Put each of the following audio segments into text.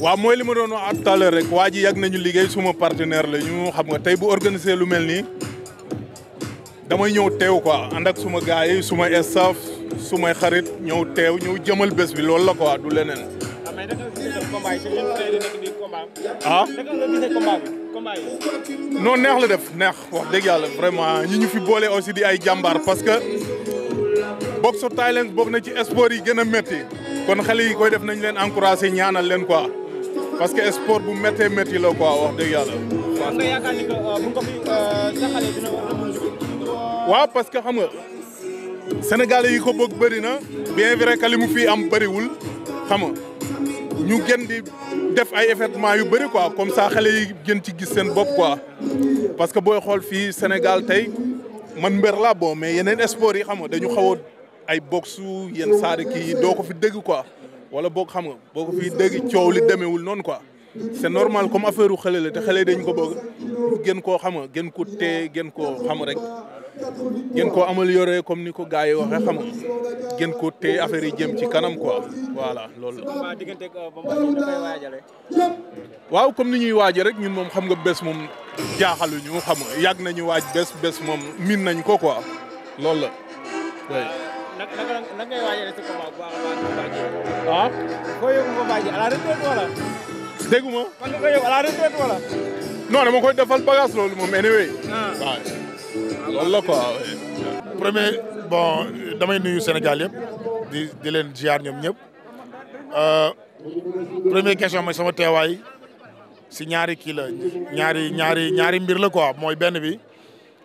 waaw mooy li ma doon wax at à rek waa ji yàgg nañu liggéey suma partenaire la ñu xam nga tey bu organiser lu mel nii damay ñëw teew quoi ànd ak suma gars yi suma staff sumay xarit ñëw teew ñëw jamal bés bi loolu la quoi du leneen. ah. neex la def neex wax dëgg yàlla vraiment ñi ñu fi boole aussi di ay jàmbaar parce que boxe Thaïlande bokk na ci sport yi gën a métti kon xale yi koy def nañ leen encouragé ñaanal leen quoi. parce que sport bu méttee métti la quoi wax euh, ko fi taxalee euh, dina waaw parce que xam nga sénégalais yi ko bëgg bëri na bien vrai que li fii am bëriwul xam ñu gën di def ay événements yu bëri quoi comme ça xale yi gën ci gis seen bopp quoi parce que booy xool fii Sénégal tey man mbër la bo mais yeneen sport yi xam nga dañu xaw a ay boxe yenn saari kii doo ko fi dégg quoi. wala boog xam nga boo ko fii dégg coow li demeewul noon quoi c'est normal comme affaire u xale la te xale dañ ko bëgg gën koo xam nga ko te gën koo xam rek gën ko amélioré comme ni ko gars yi waxee xam nga gën koo tee affaire yi jëm ci kanam quoi voilà loolu la euh, waaw comme ni ñuy waaj rek ñun moom xam nga bés moom ñu xam nga yàgg nañu waaj bés bés moom min nañ ko quoi loolu la naka ngay waajalee ah? koy defal bagage loolu moom anyway. Ah. waaw loolu la quoi. premier bon damay nuyu Sénégal yëpp di leen ziar ñoom ñëpp euh, première question mooy sama teewaay si ñaari kilo ñaari ñaari ñaari mbir la quoi mooy benn bi.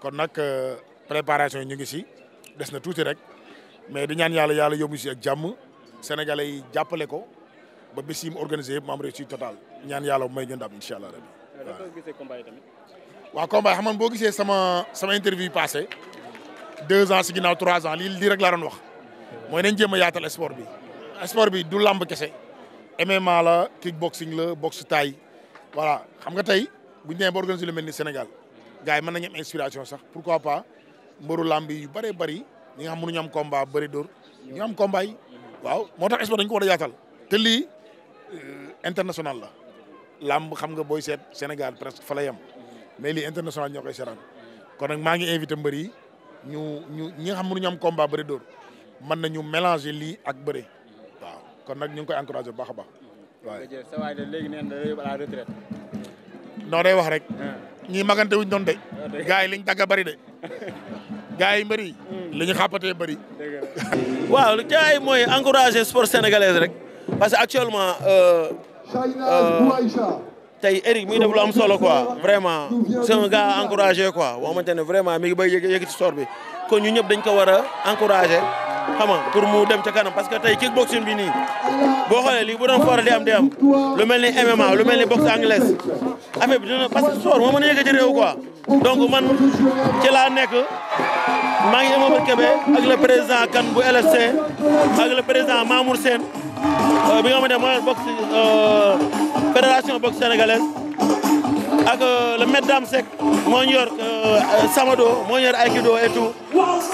kon nag euh, préparation yi ñu ngi si des na tuuti rek mais di ñaan yàlla yàlla yóbbu si ak jàmm sénégalais yi jàppale ko ba bis yi mu organisé yëpp mu am réussite totale ñaan yàlla may ñu ndam incha allah rabi. waaw combat xam nga boo gisee sama sama interview passé deux ans si ginnaaw trois ans lii lii rek laa doon wax mooy nañ jéem a yaatal sport bi. sport bi du làmb kese MMA la kickboxing la boxe taay voilà xam nga tey bu ñu demee ba organiser lu mel ni Sénégal. gaay yi mën nañu am inspiration sax pourquoi pas mburu lambi yu bari bari ni nga mënu ñam combat bari dóor ñu am combat yi waaw motax tax dañ ko wara yaatal te li euh, international la lamb xam nga boy set senegal presque fa la yam mais li international ñokay koy kon nak ma ngi invité mbeuri ñu ñu ñi nga xam mënuñu am combat bari dóor man nañu mélanger li ak bari waaw kon nak ñu ngi koy encourager bu baax a baax waaye sa way de léegi neen da yóbbu à retraite no day wax rek ah. ñii magante wuñ doon de. gars yi liñ dagga bari de. gars yi mbëri. Hmm. li bari xàppatee bëri. waaw li jaay mooy encourager sport sénégalais rek parce que actuellement. Euh, euh, tey Eric mi ngi def lu am solo quoi vraiment c'est un gars encouragé quoi boo xamante ne vraiment mi ngi bay yëkkati sport bi kon ñu ñëpp dañ ko war a encourager. xam nga pour mu dem ca kanam parce que tey kickboxing bi nii boo xoolee lii bu foora di am di am lu mel ni MMA lu mel ni boxe anglaise affaire bi dina parce que sport moo mën a yëkkati réew quoi donc man ci laa nekk maa ngi Imamour Kébé ak le président kan bu LFC ak le président Mamour Sène euh, bi nga xamante ne mooy boxe euh, fédération boxe sénégalaise ak euh, le maître Dame Seck moo ñu yor euh, Samado moo ñu yor Aikido et tout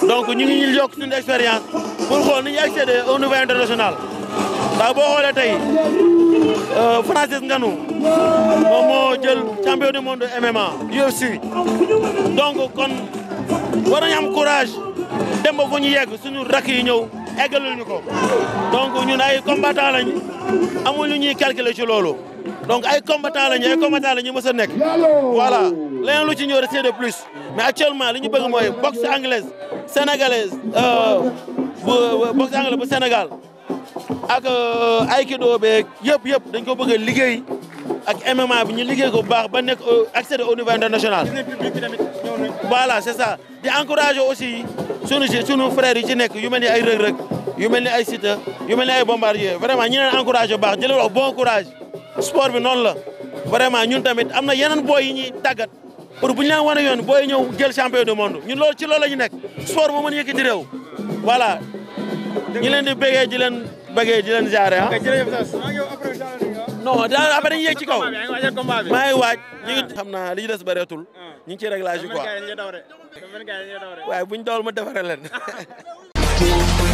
donc ñu ngi ñu yokk suñu expérience pour xool ni ñu accéder au niveau international ndax boo xoolee tey euh, Francis Ngannou moom moo jël champion du monde MMA UFC donc kon war nañu am courage dem ñu yeg suñu rakk yi ñëw eggalul ñu ko donc ñun ay combattant lañ amul lu ñuy calculer ci loolu donc ay combattant lañu ay combattant combattants mës a voilà leneen gens ci ont c'est de plus mais actuellement li ñu bëgg mooy boxe anglaise sénégalaise euh, boxe anglaise bu Sénégal ak euh, aïkido beeg yep, yep, dañ ko bëgg a liggéey ak MMA bi ñu liggéey ko bu baax ba accéder au niveau international. voilà c'est ça di encourager aussi sunu sunu frères yi ci nekk yu mel ni ay Reug Reug yu mel ni ay Siteu yu mel ni ay Bombardier vraiment ñu encourager bu baax di bon courage. sport bi noonu la vraiment ñun tamit am na yeneen booy yi ñuy tàggat pour bu ñu leen wane yoon booy ñëw jël champion du monde ñun loolu ci loolu la ñu nekk sport moo mën yëkkati réew voilà ñi leen di bégee di leen bégee di leen jaare ah non daal après dañuy yéeg ci kaw maa ngi waaj ñu ngi xam naa li ñu des bëreetul ñu ngi ci réglage yi quoi waaye bu ñu dawal ma defaree leen